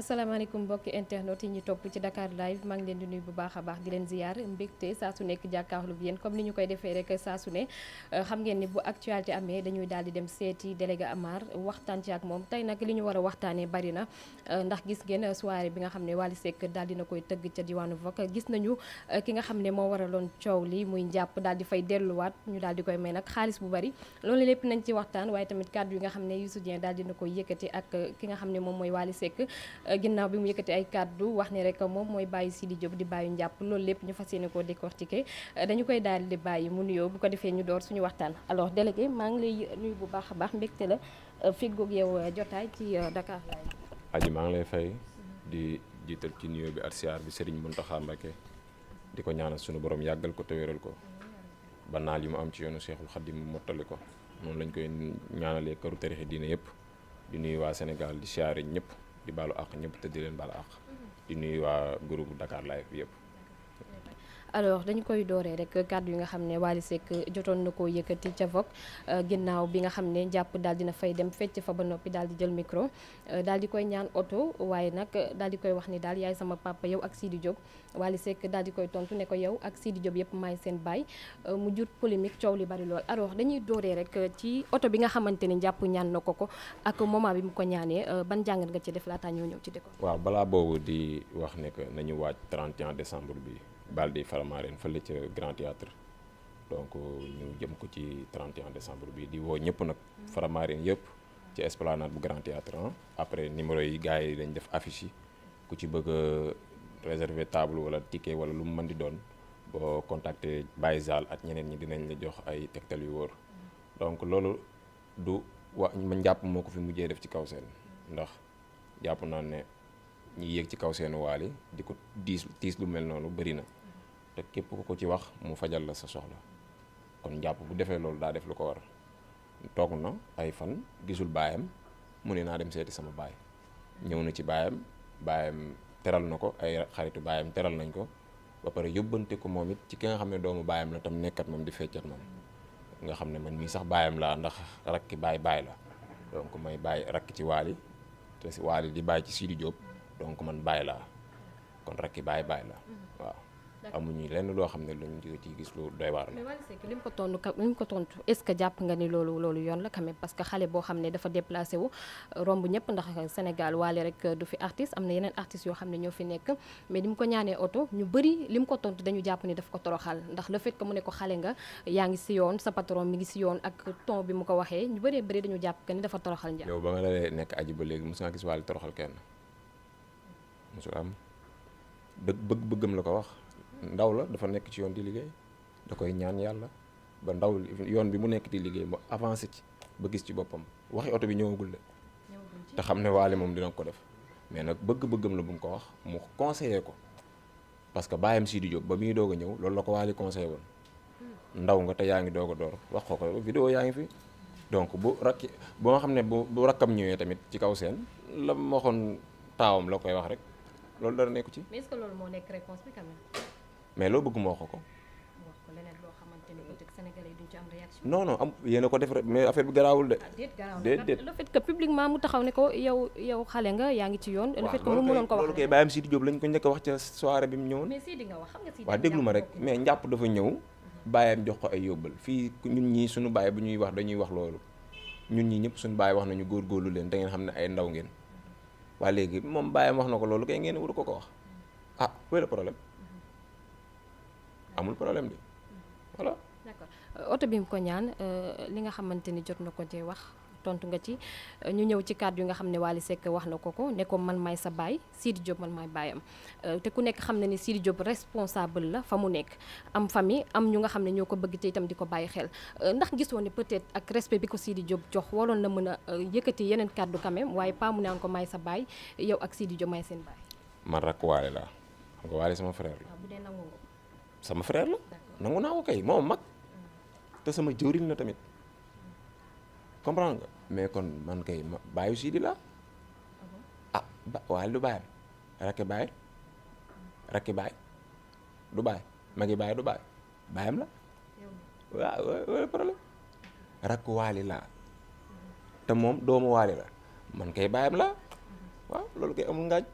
asalaamaaleykum mbokki internet yi ñu topp ci Dakar live maa ngi leen di nuyu bu baax a baax di leen ziyaar mbégte saa su nekk jàkkaarlu bi yéen comme ni ñu koy defee rek saa su ne euh, xam ngeen ni bu actualité amee dañuy daal di dem seeti délégué Amar waxtaan ci ak moom tey nag li ñu war a waxtaanee bari na euh, ndax gis ngeen soirée bi nga xam ne Wally sekk daal dina koy tëgg ca diwaanu Vok gis nañu euh, ki nga xam ne moo waraloon coow li muy njàpp daal di fay delluwaat ñu daal di koy may nag xaalis bu bari loolu lépp nañ ci waxtaan waaye tamit kàddu yi nga xam ne Youssou Dieng daal dina koy yëkkati ak ki nga xam ne moom mooy Wally Seck Euh, ginnaaw bi mu yëkkati ay kàddu wax ni rek moom mooy bàyyi di Diop di bàyyi njàpp loolu lépp ñu fas yéene ko décortiquer euh, dañu koy daal di bàyyi mu nuyoo bu ko defee ñu door suñu waxtaan alors délégué maa ngi lay nuyu bu baax a baax mbégte la euh, feggoog yow jotaay ci Dakar Live. maa ngi lay di jiital ci nuyoo bi ak siyaar bi mun Mountakha Mbacké di ko ñaanal suñu borom yàggal ko te wéral ko ba yi mu am ci yoonu Cheikhul Khadim mu mottali ko moom lañ koy ñaanalee këru tarixi diine yëpp di nuy waa senegal di siyaare ñëpp. di baalu àq ñëpp te di leen baal àq. Mhm. di nuyu waa groupe Dakar live yëpp. alors dañu koy dooree rek kàddu yi nga xam ne Wally Seck jotoon na koo yëkkati ca Vogue euh, ginnaaw bi nga xam ne jàpp daal dina fay dem fecc fa ba noppi daal di jël micro euh, daal di koy ñaan oto waaye nag daal di koy wax ni daal yaay sama papa yow ak Sidi Diop Wally Seck daal di koy tontu ne ko yow ak siidi Diop yëpp maay seen baay euh, mu jur polémique coow li bari lool alors dañuy dooree rek ci oto bi nga xamante ne jàpp ñaan na ko ko ak moment bi mu ko ñaanee ban jàngat nga ci def laataa ñoo ñëw ci dëkk. waaw balaa boobu di wax ne que nañu waaj 31 décembre bi. Baldi Faramaren fële ca Grand Théâtre donc ñu jëm ko ci 31 décembre bi di woo ñëpp nag Faramaren yëpp ci esplanade bu Grand Théâtre après numéro yi gars yi dañ def affiche yi ku ci bëgg a réserver table wala ticket wala lu mu mën di doon boo contacter Baye ak ñeneen ñi dinañ la jox ay tegtal yu wóor donc loolu du wax ma njàpp moo ko fi mujjee def ci kaw seen ndax jàpp naa ne ñi yéeg ci kaw seen waali di ko diis tiis lu mel noonu bëri na te képp ku ko ci wax mu fajal la sa soxla kon njàpp bu defee loolu daa def lu ko war toog na ay fan gisul baayam mu ne naa dem seeti sama baay ñëw na ci baayam baayam teral na ko ay xaritu baayam teral nañ ko ba pare yóbbante ko moom it ci ki nga xam ne doomu baayam la tam nekkat moom di feccat moom nga xam ne man mii sax baayam laa ndax rakki baay baay la donc may baay rakk ci waali te si waali di baay ci Sidi Diop donc man baay laa kon rakki baay baay waaw amuñu lenn loo xam ne luñ ci gis lu doy waar la. mais Wally Seck ko tontu li mu ko jàpp nga ni loolu loolu yoon la quand même parce que xam ne dafa déplacé wu romb ñëpp ndax Sénégal Wally rek du fi artiste am na yeneen artistes yoo xam ne ñoo fi nekk mais ni mu ko ñaanee oto ñu bëri li mu ko tontu dañu jàpp ni daf ko toroxal ndax la fait que mu ne ko xale nga yaa ngi si yoon sa patron mi ngi si yoon ak ton bi mu ko waxee ñu bëree bëri dañu jàpp que ni dafa toroxal njaam. yow ba nga dalee nekk aji ba léegi mos nga gis Wally toroxal kenn mosul am bëgg bëgg bëggam la ko wax ndaw la dafa nekk ci yoon di liggéey da koy ñaan yàlla ba ndaw yoon bi mu nekk di liggéey ba avancé ci ba gis ci boppam waxi oto bi ñëwagul de te xam ne waale moom dina ko def mais nag bëgg-bëggam la bu mu ko wax mu conseillé ko parce que bàyyam di Diop ba muy doog a ñëw loolu la ko waali conseillé woon ndaw nga te yaa ngi doog a door wax ko ko vidéo yaa ngi fi donc bu rakki boo xam ne bu bu rakkam ñëwee tamit ci kaw seen la waxoon taawam la koy wax rek mais loo bëgg moo ko ko. non non am yéen a ko def mais affaire bi garaawul de. Ah, déet déet le fait que mu taxaw ne ko yow yow xale nga yaa ngi ci yoon. le fait que mu mënoon ko wax loolu kay bàyyam Sidi lañ ko njëkk wax ca soirée bi mu ñëwoon. mais Sidi nga wax xam nga déglu ma rek mais njàpp dafa ñëw. baayam jox ko ay yóbbal fii ñun ñii suñu baay bu ñuy wax dañuy wax loolu ñun ñi ñëpp suñu baay wax nañu góor góorlu leen da ngeen xam ne ay ndaw ngeen. waa léegi moom baayam wax na ko loolu kay ngeen wuru ko ko wax ah wéy amul problème de euh, oto bi mu ko ñaan euh, li nga xamante ni jot na ko ci wax tontu nga ci euh, ñu ñëw ci kàddu yu nga xam ne Wally Seck wax na ko ko ne man maay sa baay Sidi Diop maay baayam te ku nekk xam na ni sii di Diop responsable la fa mu nekk am famille am ñu nga xam ne ñoo ko bëgg te itam di ko bàyyi xel ndax gisoon ne peut-être ak respect bi ko sii di Diop jox waroon na mën a yëkkati yeneen kàddu quand même waaye pa mu naan ko maay sa baay yow ak Sidi Diop maay seen baay. man rakk Wally la ah, nga Wally sama sama frère la nangu naa ko kay moom mag te sama jëwriñ la tamit comprendre nga kon man kay ma bàyyi Sidi la ah ba waaye du bàyyi rakki bàyyi rakki bàyyi du bàyyi magi bàyyi du bàyyi bàyyam la waaw waaw te moom doomu waali la man kay bàyyam la waaw loolu kay amul ngaaj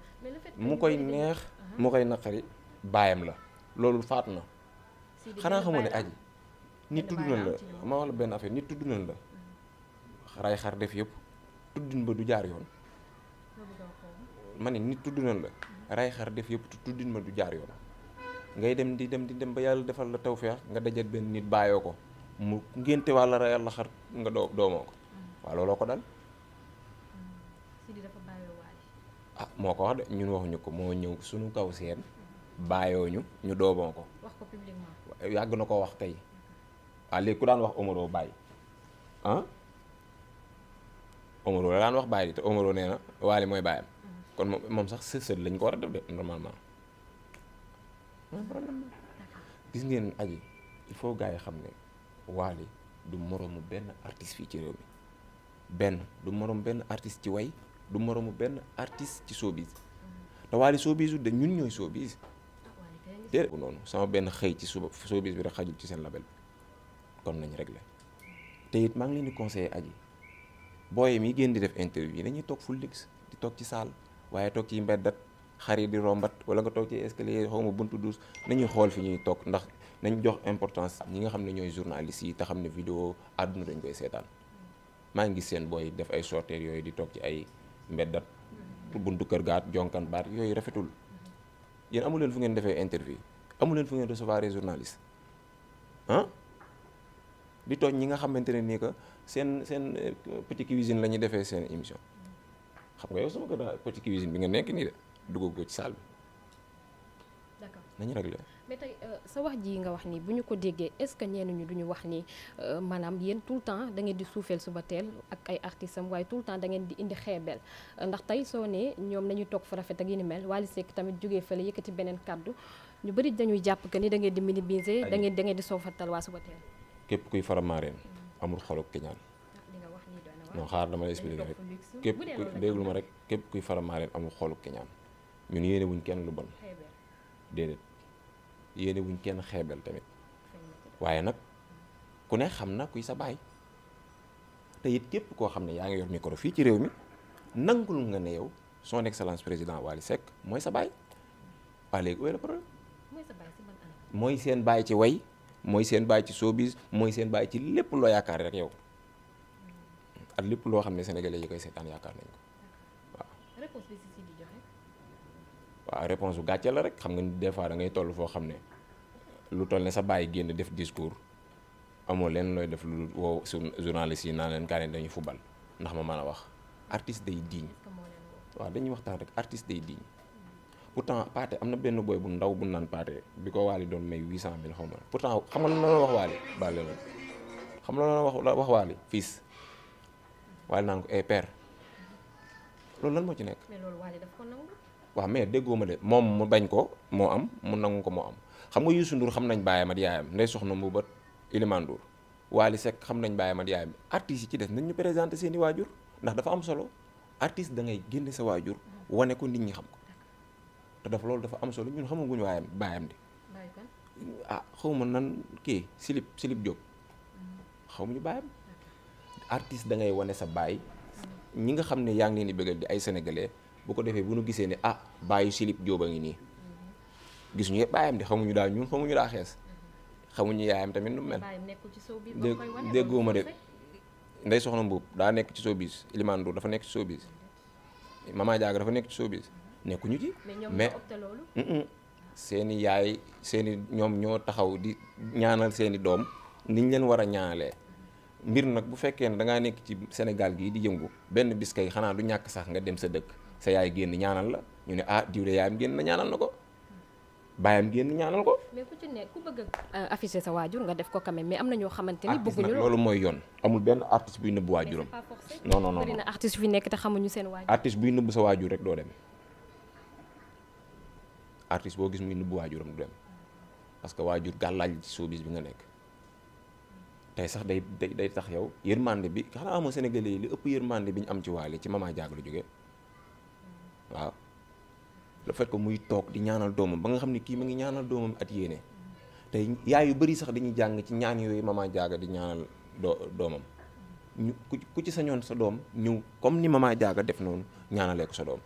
mu koy neex mu koy naqari bàyyam la loolu faat na xanaa xamoo ne aji nit tudd na la ma wala benn affaire nit tudd nañ la ray xar def yëpp tuddin ba du jaar yoon ma ne nit tudd nañ la ray xar def yëpp tuddin ma du jaar yoon ngay dem di dem di dem ba yàlla defal la feex nga dajal benn nit bàyyoo ko mu ngénte wàlla rayal la xar nga doo doomoo ko waaw looloo ko dal ah moo ko wax de ñun waxuñu ko moo ñëw suñu kaw seen bàyyoo ñu ñu dooboo ko. yàgg na koo wax kay. waaw ah, léegi ku daan wax Omaro bàyyi ah Omaro la daan wax bàyyi te Omaro nee na Wally mooy bàyyam. kon moom moom sax sësët lañ ko war a def de normalement. gis ngeen aji il faut gars yi xam ne Wally du moroomu benn artiste fii ci réew mi benn du moroom benn artiste ci way du moroomu benn artist ci showbiz mm-hmm. te Wally showbizu de ñun ñooy showbiz. déet bu noonu sama benn xëy ci suba showbiz bi rek xajul ci seen label bi kon nañu réglé te it maa ngi leen di conseillé aji booy mi génn di def interview yi dañuy toog full lix di toog ci saal waaye toog ci mbeddat xar yi di rombat wala nga toog ci escalier xaw ma buntu duus nañuy xool fi ñuy toog ndax nañ jox importance ñi nga xam ne ñooy journalistes yi te xam ne vidéo àdduna dañ koy seetaan maa ngi seen booy def ay sorteer yooyu di toog ci ay mbeddat buntu kër gaat jonkan baat yooyu rafetul yéen amu fu ngeen defee interview amu leen fu ngeen recevoir les journalistes ah di tooñ ñi nga xamante ne nii que seen seen euh, petit cuisine la ñuy defee seen émission xam nga yow sama kër petit cuisine bi nga nekk nii de dugg ko ci saal bi. nañu rek mais euh, sa wax ji nga wax ni bu ñu ko déggee est ce que ñenn ñu duñu wax ni euh, maanaam yéen tout le temps da di suufeel suba teel ak ay artistes am waaye tout le temps da ngeen di indi xeebeel euh, ndax tey soo ne ñoom nañu toog fa rafet ak yi ni mel Wally Seck tamit jógee fële yëkkati beneen kàddu ñu bëri dañuy jàpp que ni da ngeen di minimiser. da ngeen da ngeen di soofatal waa suba teel. képp kuy faramareen mm. amul xol ak keñaan. Ah, non xaar dama lay expliqué rek képp ku rek képp kuy faramareen amul xol ak keñaan ñun yéene wuñ kenn lu bon déedéet yéene wuñ kenn xeebel tamit waaye nag ku ne xam na kuy sa baay te it képp koo xam ne yaa ngi yor micro fii ci réew mi nangul nga ne yow son excellence président Wally Seck mooy sa baay waa léegi mooy seen baay ci way mooy seen baay ci showbiz mooy seen baay ci lépp loo yaakaar rek yow hmm. ak lépp loo xam ne sénégalais yi koy seetaan yaakaar nañ ko waaw waa réponse bu gàcce la rek xam nga des fois da ngay toll foo xam ne lu toll ne sa bàyyi génn def discours amoo leen looy def lu woo suñ journaliste yi naa leen kaane dañu fubal ndax ma man a wax artiste day diiñ waaw dañuy waxtaan rek artiste day diiñ pourtant Pathé am na benn booy bu ndaw bu naan Pathé bi ko Wally doon may 800000 xaw ma pourtant xam nga noonu wax Wally bàlle la xam nga noonu wax la Wally fils Wally naan ko eh père loolu moo ci nekk. waaw mais déggoo ma de moom mu bañ ko moo am mu nangu ko moo am xam nga Youssou Ndour xam nañ baayam ak yaayam ndey soxna mu ba Iliman Ndour Wally Seck xam nañ baayam ak yaayam artistes yi ci des nañ ñu présenté seen waajur ndax dafa am solo artiste da ngay génne sa waajur wane ko nit ñi xam ko te dafa loolu dafa am solo ñun xamaguñu waayam baayam de ah xaw ma nan kii Silip Silip Diop mm-hmm. xaw ma ñu baayam artiste da ngay wane sa baay ñi nga xam ne yaa ngi leen bëggal di ay sénégalais bu ko defee bu nu gisee ni ah bàyyi silip jóob a ngi nii gis ñu bàyyam di xamuñu daal ñun xamuñu daa xees xamuñu yaayam tamit nu mel déggoo ma de ndey soxna mbuub daa nekk ci showbiz Elimane Ndour dafa nekk ci showbiz Mama Diaga dafa nekk ci showbiz nekkuñu ci mais seeni yaay seeni ñoom ñoo taxaw di ñaanal seeni doom niñ leen war a ñaanalee mbir nag bu fekkee ne dangaa nekk ci Sénégal gii di yëngu benn bis yi xanaa du ñàkk sax nga dem sa dëkk sa yaay génn ñaanal la ñu ne ah diwle am génn na ñaanal na ko baayam génn ñaanal ko. mais euh, sa waajur nga def ko quand même mais am na ñoo xamante ni. bëgguñu loolu mooy yoon. amul benn artiste buy nëbb waajuram. non non non bëri na artiste fi nekk te xamuñu seen waajur. artiste buy nëbb sa waajur rek doo dem artiste boo gis muy nëbb waajuram du dem parce que waajur gàllaaj ci showbiz bi nga nekk tey sax day day day tax yow yërmande bi xanaa amoo Sénégalais yi li ëpp yërmande bi ñu am ci waale ci Mama Diack la jóge waaw le fait muy toog di ñaanal doomam ba nga xam ni kii mu ngi ñaanal doomam at yéene tey yaay yu bari sax dañuy jàng ci ñaan yooyu maman jaaga di ñaanal doo doomam ñu ku ci sañoon sa doom ñëw comme ni maman jaaga def noonu ñaanalee ko sa doom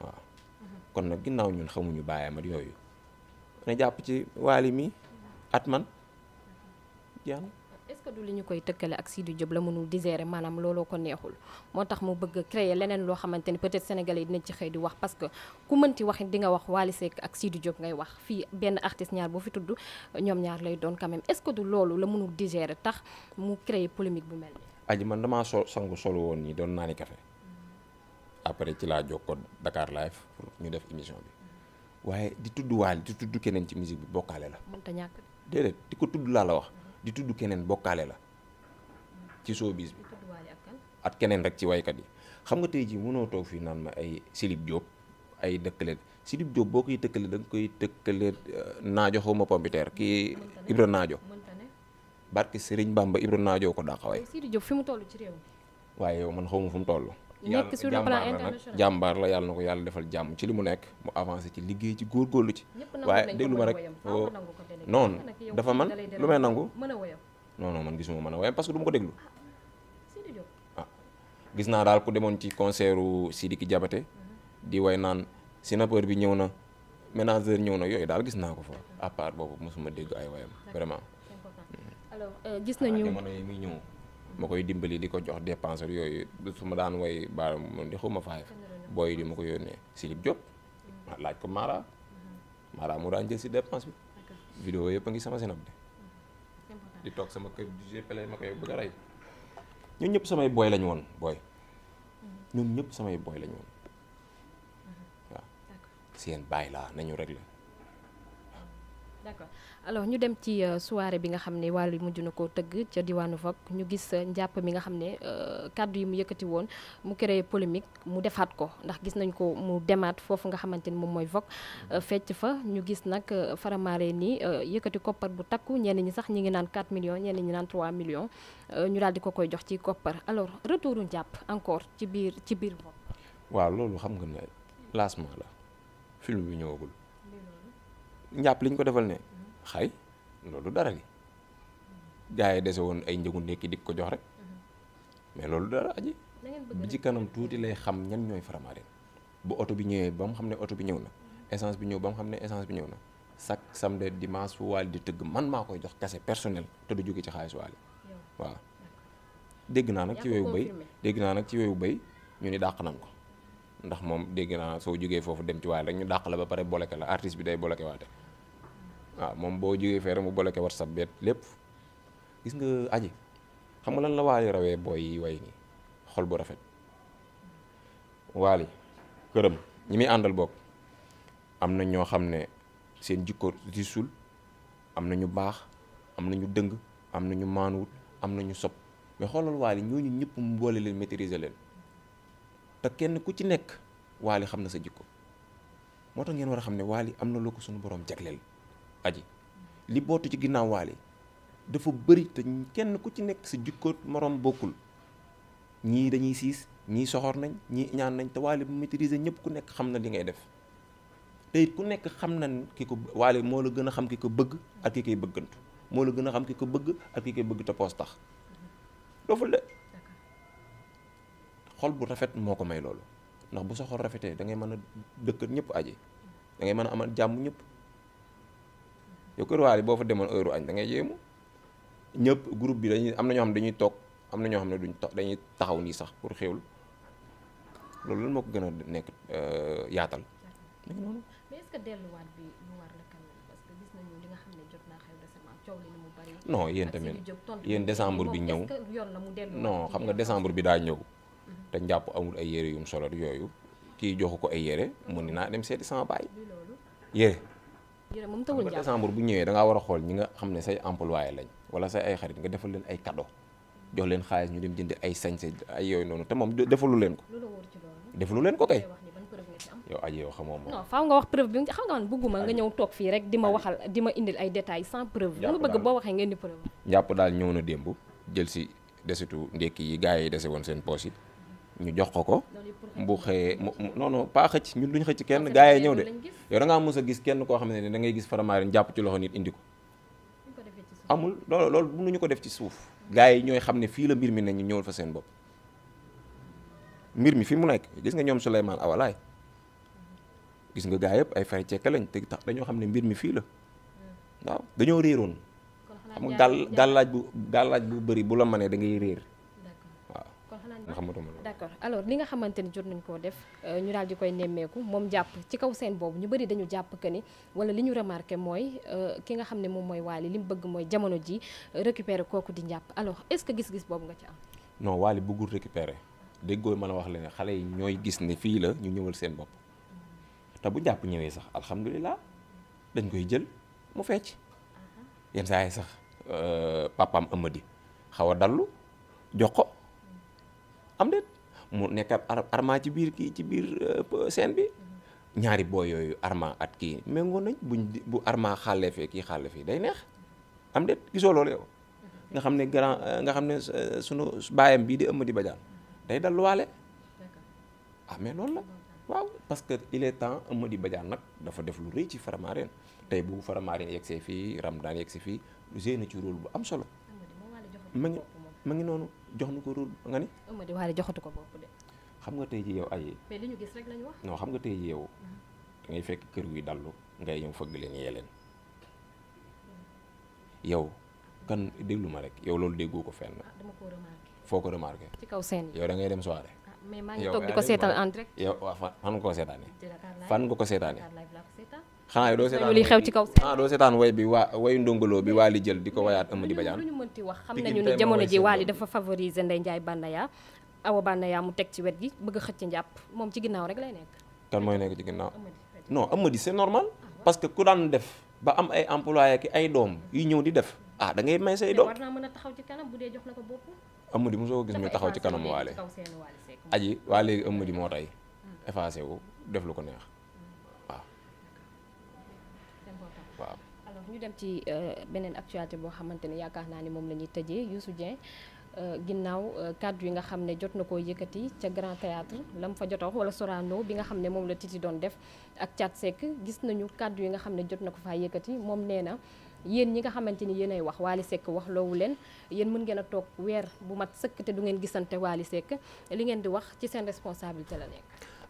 waaw kon nag ginnaaw ñun xamuñu baayam at yooyu na jàpp ci waali mi at man jaan que du li ñu koy tëkkale ak Sidy Diop la mënul digérer maanaam looloo ko neexul moo tax mu bëgg créer leneen loo xamante ni peut-être sénégalais yi dinañ ci xëy di wax parce que ku mënti wax di nga wax Wally Seck ak Sidy Diop ngay wax fii benn artiste ñaar boo fi tudd ñoom ñaar lay doon quand même est-ce que du loolu la mënul digérer tax mu créer polémique bu mel nii. aji man damaa sol sangu solo woon nii doon naani café après ci laa jokkoo Dakar live pour ñu def émission bi waaye di tudd waal di tudd keneen ci musique bi bokkaale la. mënta ñàkk di ko tudd laa la wax. di tudd keneen bokkaale la ci showbiz bi ak keneen rek ci waykat yi xam nga tey jii mënoo toog fii naan ma ay silib Diop ay dëkkale silib Diop boo koy tëkkale da nga koy tëkkale euh, naajo xaw ma pompiteer kii Ibra naajo barke Serigne Bamba Ibra naajoo ko daaxaway waaye yow man xaw ma fu mu toll nekk sur le plan international jàmbaar la yàlla na ko yàlla defal jàmm ci li mu nekk mu avancé ci liggéey ci góorgóorlu ci waaye déglu ma rek oh, noonu dafa man lu may nangu non non man gisuma mën a woyam parce que du ko déglu ah, ah gis naa daal ku demoon ci concertu Sidiki jabate mhm. di way naan sinapeur bi ñëw na ménageur ñëw na yooyu daal gis naa ko fa mhm. à part boobu mosuma dégg ay woyam vraiment euh, gis nañu ah, ñëw ma koy dimbali di ko jox dépense yooyu su ma daan woy baara moom di xuma faay booy yi di ma ko yónnee Silip Diop laaj ko Mara Mara moo daan jël si dépense bi vidéo yëpp a ngi sama sinab de di toog sama kër gplay ma koy bëgg rey ñun ñëpp samay booy lañu woon booy mm-hmm. ñun ñëpp samay booy lañu woon mm-hmm. waaw seen bàyyi laa nañu rek d'accord alors ñu dem ci euh, soirée bi nga xam ne wàllu mujj na koo tëgg ca diwaanu Vogue ñu gis euh, njàpp mi nga xam ne euh, kàddu yi mu yëkkati woon mu créé polémique mu defaat ko ndax gis nañ ko mu demaat foofu nga xamante ni moom mooy Vogue fecc fa ñu gis nag faramaare nii yëkkati koppar bu takku ñenn ñi sax ñi ngi naan 4 millions ñenn ñi naan 3 millions ñu daal di ko koy jox ci koppar alors retouru njàpp encore ci biir ci biir Vogue. waaw loolu xam nga ne lancement la film bi ñëwagul. njàpp liñ ko defal ne xay loolu dara li gaa yi dese woon ay njëgu nekki di ko jox rek mais loolu dara aji bi ci kanam tuuti lay xam ñan ñooy Faramareen bu oto bi ñëwee ba mu xam ne oto bi ñëw na mhm. essence bi ñëw ba mu xam ne essence bi ñëw na chaque samde dimanche fu Wally di tëgg man maa koy jox kase personnel te du jóge ci xaalis Wally waaw dégg naa nag ci wewu bay dégg naa nag ci wewu bay ñu ni dàq nañ ko ndax moom dégg naa soo jógee foofu dem ci Wally rek la ba pare boleke la artiste bi day boleke waaw moom boo jógee fee rek mu wat sa bi lépp gis nga aji xam nga lan la waali rawee booy yi way nii xol bu rafet waali këram ñi muy àndal bokk am na ñoo xam ne seen jikko disul am na ñu baax am na ñu dëng am na ñu maanuwut am na ñu sob mais xoolal waali ñooñu ñëpp mu boole leen maîtriser leen te kenn ku ci nekk waali xam na sa jikko moo tax ngeen war a xam ne waali am na loo ko suñu borom jagleel aji li bootu ci ginnaaw waale dafa bëri te kenn ku ci nekk sa jikkoot moroom bokkul ñii dañuy siis ñii soxor nañ ñii ñaan nañ te waale bu maîtriser ñëpp ku nekk xam na li ngay def te ku nekk xam na ki ko waale moo la gën a xam ki ko bëgg ak ki koy moo la gën a xam ki ko bëgg ak ki koy bëgg te poos tax doful de xol bu rafet moo ko may loolu ndax bu sa xol rafetee da ngay mën a dëkk ñëpp aji da ngay mën a amal jàmm ñëpp yow Kër Waali boo fa demoon heure añ da ngay yéemu ñëpp groupe bi dañuy am na ñoo xam ne dañuy toog am na ñoo xam ne duñ toog taxaw nii sax pour xéwlu loolu lan moo ko gën a nekk euh, yaatal. no mais est bi yéen tamit yéen décembre bi ñëw non xam nga décembre bi daa ñëw. Mm-hmm. te njàpp amul ay yére yum solo yooyu kii joxu ko ay yére mu ni naa dem seeti sama baay yére moom tawul jàpp décembre bu ñëwee da ngaa war a xool ñi nga xam ne say employé lañ wala say ay xarit nga defal leen ay cadeau jox leen xaalis ñu dem jënd ay sañse ay yooyu noonu te moom defalu leen ko. defalu leen ko kay. yow aj yow xamoo moom. non faaw nga wax preuve bi xam nga man bëgguma nga ñëw toog fii rek di ma waxal di ma indil ay détails sans preuve. jàpp bëgg boo waxee ngeen di preuve. jàpp daal ñëw na démb jël si desitu ndékki yi gars yi dese woon seen poche yi ñu jox ko ko bu mu non non pas xëcc ñun duñ xëcc kenn gaa yi ñëw de yow da ngaa a gis kenn koo xam ne da ngay gis faramarin jàpp ci loxo nit indi ko amul loolu loolu mënuñu ko def ci suuf gaa yi ñooy xam ne fii la mbir mi ne ñu ñëwal fa seen bopp mi fi mu nekk gis nga ñoom Souleymane Awalaay gis nga gaa yëpp ay fay cekke lañ te tax dañoo xam ne mbir mi fii la hmm. waaw dañoo réeroon xam nga daal daal laaj bu daal laaj bu bari bu la mënee da ngay réer d'accord alors li nga xamante ni jot nañ koo def euh, ñu daal di koy nemmeeku moom jàpp ci kaw seen boobu ñu bari dañu jàpp que ni wala li ñu remarqué mooy euh, ki nga xam ne moom mooy Wally li mu bëgg mooy jamono ji euh, récupérer kooku di njàpp alors est-ce que gis-gis boobu nga ci am non Wally bëggul récupérer déggoo mën a wax leen xale yi ñooy gis ne fii la ñu ñëwal seen bopp te bu jàpp ñëwee sax alhamdulilah dañ koy jël mu fecc ah. yenn saa yi sax papaam ëmadi xaw a dallu jox am déet mu nekk ab arma ci biir kii ci biir euh, scène bi ñaari booy yooyu arma at kii méngoo nañ buñ bu arma xaale fee kii xaale fii day neex am déet gisoo loolu yow. nga xam ne grand euh, nga xam ne euh, sunu baayam bii di ëmm di bajaan day dal waale ah mais loolu la waaw parce que il est temps ëmm di bajaan nag dafa def lu rëy ci Faramareen tey bu Faramareen yegsee fii Ramadan yegsee fii joué na ci rôle bu am solo ma ngi ma ngi noonu jox nu ko rôle nga ni. Amady Waly joxatu ko bopp de. xam nga tey ci yow ay. mais gis rek wax. non xam nga tey ji yow. Mhm. da fekk kër gi dallu ngay ñëw fëgg leen yee leen yow kan déglu ma rek yow loolu déggoo ko fen ah, dama ko remarqué. foo ko remarqué. ci kaw seen yow da ngay dem soirée. Ah, mais maa ngi toog di ko seetaan en direct. yow nga ko seetaanee. fan nga ko seetaanee. xanaa yow doo seetaan li xew ci kaw xanaa doo seetaan way bi waa wayu ndongoloo bi waali jël di ko wayaat Amady Badiane lu ñu mënti wax xam nañu ni jamono ji waali dafa favoriser Ndeye Ndiaye Bandaya Awa yaa mu teg ci wet gi bëgg a xëcc njàpp moom ci ginnaaw rek lay nekk kan mooy nekk ci ginnaaw non Amady c'est normal parce que ku daan def ba am ay employé ki ay doom yu ñëw di def ah da ngay may say doom war naa mën a taxaw ci kanam bu dee jox na ko gis muy taxaw ci kanam waale aji waa léegi Amady moo tey effacé wu def lu ko neex ñu dem ci euh, beneen actualité boo xamante ne yaakaar naa ni moom la ñuy tëjee Youssou Dieng euh, ginnaaw euh, kàddu yi nga xam ne jot na koo yëkkati ca Grand Théâtre la mu fa jot a wax wala Sorano bi nga xam ne moom la Titi doon def ak Thiat sekk gis nañu kàddu yi nga xam ne jot na ko faa yëkkati moom nee na yéen ñi nga xamante ni yéenay wax Wally sekk wax loowu leen yéen mën ngeen a toog weer bu mat sëkk te du ngeen gisante Wally sekk li ngeen di wax ci seen responsabilité la nekk.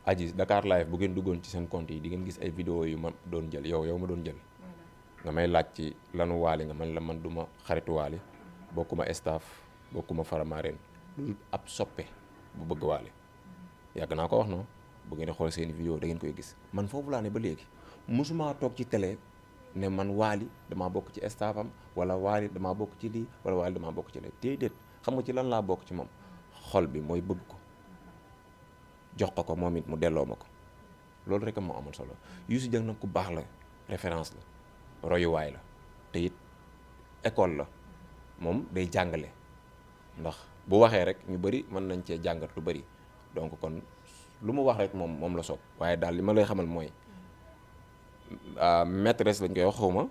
Aji Dakar ngeen duggoon ci seen compte di ngeen gis ay vidéo yu ma doon jël yow yow ma doon jël. nga may laaj ci lanu waali nga man la man du ma xaritu waali bokkuma staf bokkuma faramaareen lu ab soppe bu bëgg waali yàgg naa ko wax noonu bu ngeen xool seeni vidéo da ngeen koy gis man foofu laa ne ba léegi mosumaa toog ci télé ne man waali damaa bokk ci staff am wala waali damaa bokk ci lii wala waali damaa bokk ci lii déedéet xam nga ci lan laa bokk ci moom xol bi mooy bëgg ko jox ko ko moom it mu delloo ma ko loolu rek moo amoon solo Youssou Dieng nag ku baax la référence la royuwaay la te it école la moom day jàngale ndax bu waxee rek ñu bëri mën nañ cee jàngat lu bëri donc kon lu mu wax rek moom moom la soog waaye daal li ma lay xamal mooy ah, maîtresse lañ koy wax xawma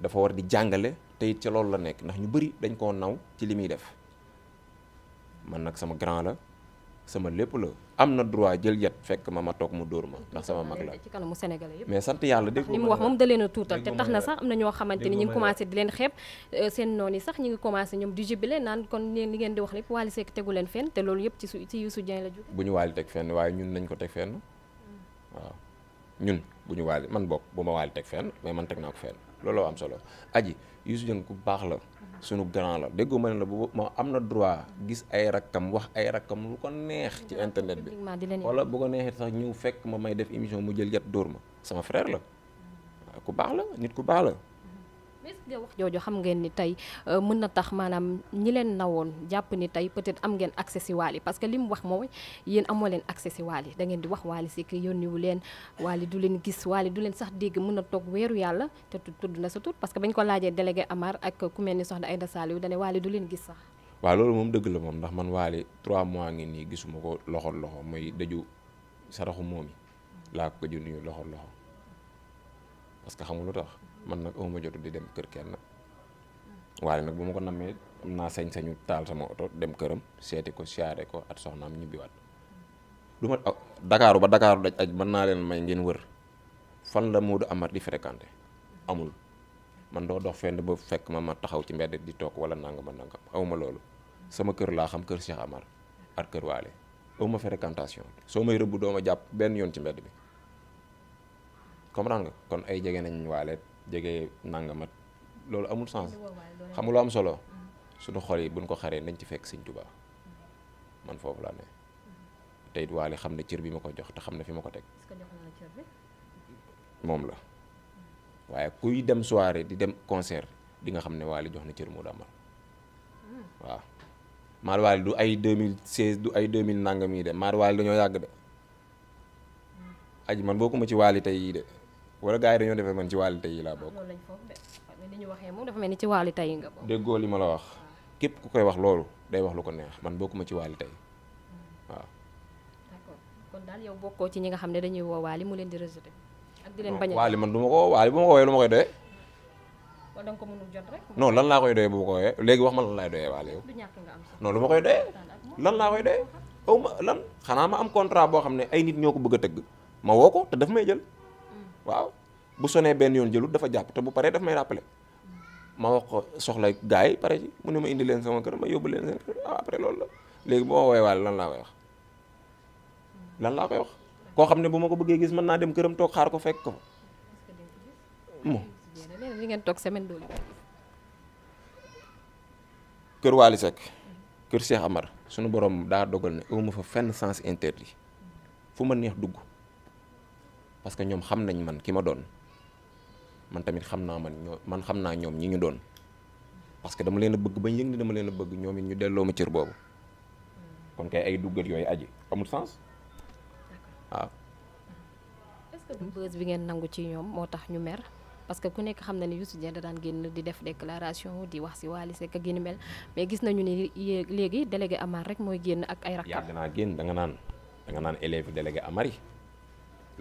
dafa war di jàngale te it ca loolu la nekk ndax ñu bëri dañ koo naw ci li muy def man nag sama grand la sama lépp la am na droit jël yet fekk ma ma toog mu dóor ma ndax sama mag la mais sant yàlla dégg li mu wax moom da leen a tuutal te tax na sax am na ñoo xamante ni ñu ngi commencé di leen xeeb euh, seen noon yi sax ñu ngi commencé ñoom di jubile naan kon li ngeen di wax lépp Wally Seck tegu leen fenn te loolu yëpp ci su ci Youssou Dieng la jóge bu ñu Wally teg fenn waaye ñun nañ ko teg fenn hmm. waaw ñun bu ñu Wally man bokk bu ma Wally teg fen mais man teg naa ko fenn looloo am solo aji Youssou Dieng ku baax la sunu grand la déggoo ma ne la bu ma am na droit gis ay rakkam wax ay rakkam lu ko neex ci internet bi wala bu ko neexee sax ñëw fekk ma may def émission mu jël jat dóor ma sama frère la ku baax la nit ku baax la est-ce que wax jooju xam ngeen tey euh, mën na tax maanaam ñi leen nawoon jàpp ni tey peut-être am ngeen accès si Wally parce que li mu wax mooy yéen amoo leen accès si Wally da ngeen di wax Wally Seck yónniwu leen Wally du leen gis Wally du leen sax dégg mën na toog weeru yàlla te tudd na sa tur parce que bañ ko laajee délégué Amar ak ku mel ni soxna Aïda Saliou dane leen gis sax waaw loolu moom dëgg la moom ndax man Wally trois mois ngi nii gisuma ko loxol loxo mooy daju saraxu moom yi laa ko gëju nuyu loxol loxo parce que xamul lu tax man nag awma jotu di dem kër kenn waaye nag bu ma ko nammee am naa sañ-sañu taal sama oto dem këram seeti ko siyaare ko at soxnaam ñibbiwaat lu ma ah, dakaaru ba dakaaru daj aj mën naa leen may ngeen wër fan la Modou Amar di fréquenté amul man doo dox fenn ba fekk ma ma taxaw ci mbedd di toog wala nanga ma nanga awma loolu sama kër laa xam kër seex Amar ak kër Waale awma fréquentation soo may rëbb doo ma jàpp benn yoon ci mbedd bi comprendre nga kon ay jege nañ waaleet jege nangamat loolu amul sens xam nga lu am solo mm-hmm. suñu xol yi buñ ko xaree nañ ci fekk sëñ Tuubaa mm-hmm. man foofu la ne mm-hmm. tey it waale xam ne cër bi ma ko jox te xam ne fi ma ko teg moom la waaye kuy dem soirée di dem concert di nga xam ne waale jox na cër mu damal waaw maar waale du ay 2016 du ay 2000 nangam yi de maar waale dañoo yàgg de aji man bokkuma ci waali tey yi de wala gars yi dañoo defee man ci wàllu tey laa bokk. loolu lañ foofu de li ñu waxee moom dafa mel ci wàllu tey déggoo li ma la wax képp ku koy wax loolu day wax lu ko neex man bokkuma ci wàllu tey hmm. waaw. yow bokkoo ci ñi nga xam ne dañuy woo waali mu leen di rejeté. ak di leen man du ma ko waali bu ma ko woowee lu ma koy doyee. wala da ko mënul jot rek. lan laa koy doyee bu ma ko woowee léegi wax ma lan laay doyee waali yow. du ñàkk lu ma koy doyee. lan laa koy doyee aw ma lan xanaa ma am contrat boo xam ne ay nit ñoo ko bëgg a tëgg ma woo ko te daf may jël waaw bu sonee benn yoon jëlut dafa jàpp te bu paree daf may rappelé ma wax ko soxla gars yi pare ci mu ne ma indi leen sama kër ma yóbbu leen seen kër ah, loolu la léegi bu ma woowee waale lan laa koy wax lan laa koy wax koo xam ne bu ma ko bëggee gis man naa dem këram toog xaar ko fekk ko moom ngeen toog semaine doole kër Waly Seck kër Cheikh Amar sunu borom daa dogal ne aw ma fa fenn sens interdit fu ma neex dugg parce que ñoom xam nañ man ki ma doon man tamit xam naa man ñoo man xam naa ñoom ñi ñu doon parce que dama leen bëgg bañ yëg ni dama leen a bëgg ñoom it ñu delloo ma cër boobu kon kay ay duggal yooyu aji amul sens waaw. est-ce que buzz bi ngeen nangu ci ñoom moo tax ñu mer parce que ku nekk xam na ni Youssou Dieng da daan génn di def déclaration di wax si Wally Seck ak mel mais gis nañu ni léegi délégué Amar rek mooy génn ak ay rakkam. yàgg naa génn da nga naan da nga naan élève délégué Amar yi.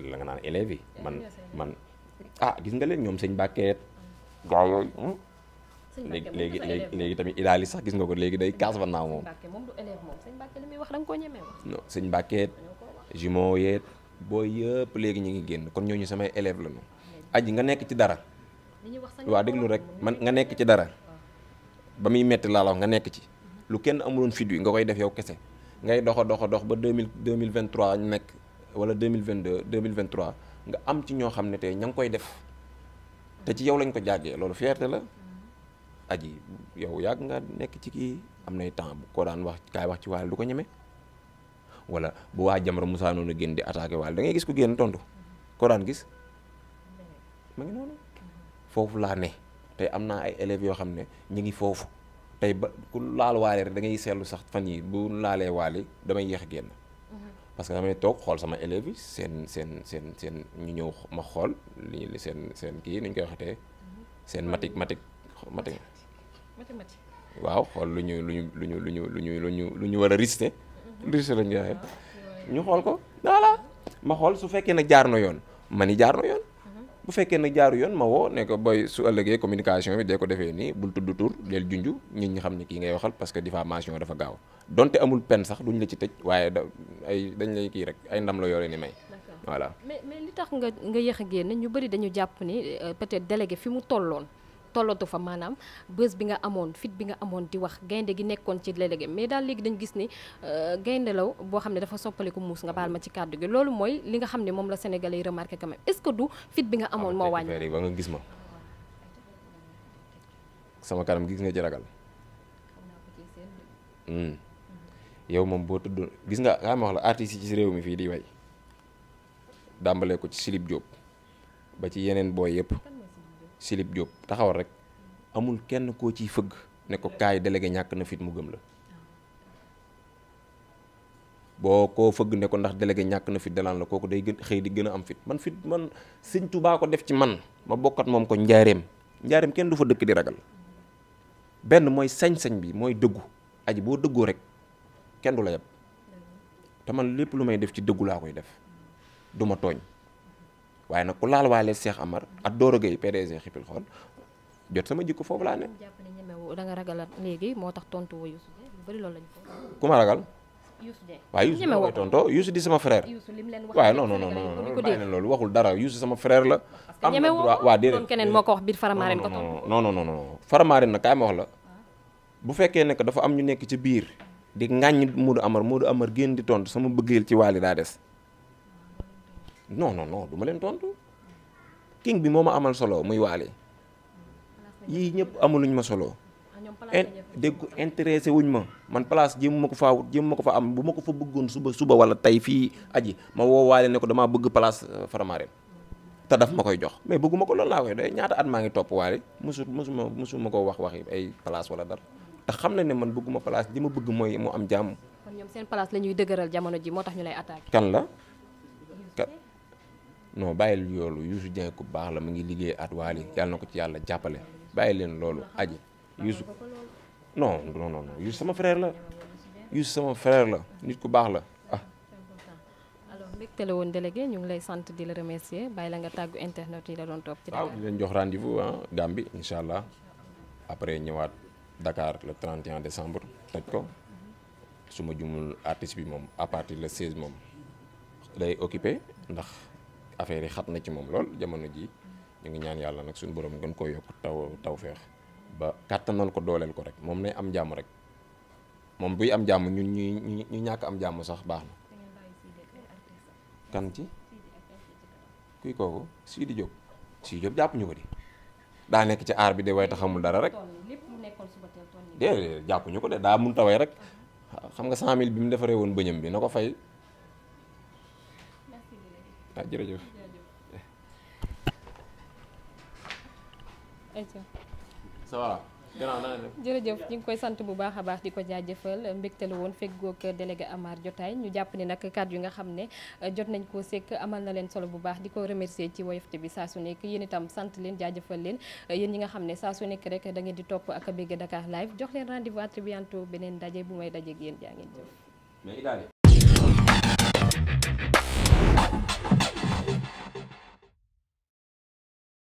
la nga naan élèves yi man man ah gis nga leen ñoom sëñ Bakke mm. gaa hmm? léegi léegi léegi tamit idaali sax gis nga ko léegi day kaas fan naa moom. non sëñ Bakke jumeau yeet booy yëpp léegi ñu ngi génn kon ñooñu samay la lañu. aji nga nekk ci dara. waa déglu rek man nga nekk ci dara. Ah. ba muy metti laa la wax nga nekk ci. Mhm. lu kenn amuloon fit wi nga koy def yow kese. ngay doxa doxa dox ba deux mille deux mille vingt trois ñu nekk wala deux mille vingt deux deux mille vingt trois nga am ci ñoo xam ne tey ña ngi koy def te ci yow lañ ko jàggee loolu fierté la. yi yow yàgg nga nekk ci kii am nay temps bu ko daan wax kaay wax ci waale du ko ñeme wala bu waa Jamra Moussa noonu génn di attaqué waale da ngay gis ku génn tontu ko daan gis ma ngi noonu. foofu laa ne tey am naa ay élèves yoo xam ne ñu ngi foofu tey ba ku laal waale rek da ngay seetlu sax fan yi bu laalee waale damay yéex a génn. parce que damay toog xool sama élèves yi seen seen seen seen ñu ñëw ma xool li li seen seen kii nu ñu koy waxatee seen matik matik matik waaw xool lu ñu lu ñu lu ñu lu ñu lu ñu lu ñu lu ñu war a risque mm-hmm. risque lañu ah, ñu xool ko voilà ma xool su fekkee nag jaar na yoon man yi jaar na yoon bu fekkee nag jaaru yoon ma woo ne ko boy su ëllëgee communication bi dee ko defee nii bul tudd tur del junj nit ñi xam ne kii ngay waxal parce que diffamation dafa gaaw donte amul peine sax duñ la ci tëj waaye da ay dañ lay kii rek ay ndam la yooyu ni may voilà mais mais li tax nga nga yéex a génn ñu bëri dañu jàpp ni euh, peut-être délégué fi mu tolloon tollatu fa maanaam bës bi nga amoon fit bi nga amoon di wax gaynde gi nekkoon ci léeg mais daal léegi dañ gis ni euh, gaynde law boo xam ne dafa soppaliku muus nga baal ma ci kàddu gi loolu mooy li nga xam ne moom la sénégalais yi remarqué quand même est fit bi nga amoon moo wàññi ba nga gis ma sama kanam gis nga ci ragal hmm. yow moom boo tudd gis nga xam wax ci réew mi fii di way dàmbalee ko ci Silip Diop ba ci yeneen booy yëpp Silip Diop taxawal rek amul kenn koo ciy fëgg ne ko kaay délégué ñàkk na fit mu gëm la boo koo fëgg ne ko ndax délégué ñàkk na fit dalaan la kooku day gën xëy di gën a am fit man fit man sëñ Tuubaa ko def ci man ma bokkat moom ko njaareem njaareem kenn du fa dëkk di ragal benn mooy sañ-sañ bi mooy dëggu aji boo dëggoo rek kenn du la yab te man lépp lu may def ci dëggu laa koy def du ma tooñ waaye nag ku laal waale Cheikh Amar ak Doro Gueye PDG Xipil xool jot sama jikko foofu laa ne. jàpp ne ñemewu da nga ragal léegi moo tax tontu woo Youssou de lu bëri loolu lañ ko. ku ma ragal. Youssou de waaye Youssou mooy tonto Youssou di sama frère. Youssou lim leen wax waaye non non non non bàyyi leen loolu waxul dara Youssou sama frère la. am na droit waaw déedéet kon keneen moo ko wax biir Faramareen ko tontu. non non non non Faramareen nag kaay ma wax la ah. bu fekkee ne dafa am ñu nekk ci biir di ŋàññ Moodu Amar Moodu Amar génn di tontu sama bëggeel ci waali daa des non no no du ma leen tontu king bi moo ma amal solo muy waale yii ñëpp amuluñ ma solo. dégg ko intéressé wuñ ma man place jéem ma ko faa jéem ma ko fa am bu ma ko fa bëggoon suba suba wala tey fii aji ma woo waale ne ko damaa bëgg place euh, Faramareen te daf ma koy jox mais bëgguma ko loolu laa koy doy ñaata at maa ngi topp waale musu musuma ma ko wax waxi ay place wala dara te xam na ne man bëgguma place li ma bëgg mooy mu am jàmm. kon ñoom seen place la jamono ji moo tax ñu lay attaqué. kan la. non bàyyil yoolu Youssou Dieng ku baax la mu ngi liggéey at waali yàlla na ko ci yàlla jàppale bàyyi leen loolu aji Youssou non non non Youssou sama frère la Youssou sama frère la nit ku baax la ah. alors mbégte la woon délégué ñu ngi lay sant di la remercier bàyyi la nga tàggu internet yi la doon topp. ci waaw di leen jox rendez-vous ah Gambie incha allah après ñëwaat Dakar le 31 décembre toj ko su ma jumul artiste bi moom à partir le 16 moom lay occupé ndax. affaire yi xat na ci moom lool jamono ji ñu ngi ñaan yàlla nag suñu borom gën koo yokk taw feex ba kàttanal ko dooleel ko rek moom nay am jàmm rek moom buy am jàmm ñun ñu ñu ñàkk am jàmm sax baax na kan ci kuy kooku Sidi Diop Sidi Diop jàpp ñu ko di daa nekk ci aar bi de way taxamul dara rek de jàpp ñu ko de daa mun tawee rek xam nga 100000 bi mu defaree woon bëñam bi na ko fay ah jërëjëf. ça jërëjëf ñu ngi koy sant bu baax a baax di ko jaajëfal mbégte la woon feggoog délégué Amar Jotaay ñu jàpp ni nag kàddu yi nga xam ne eh, jot nañ koo sekk amal na leen solo bu baax di ko remercier ci woyofte bi saa su nekk yéen itam sant leen jaajëfal leen yéen ñi nga xam ne saa su nekk rek da ngeen di topp ak bégg Dakar live jox leen rendez-vous à beneen daje bu may dajeeg yéen jaa ngeen jëf.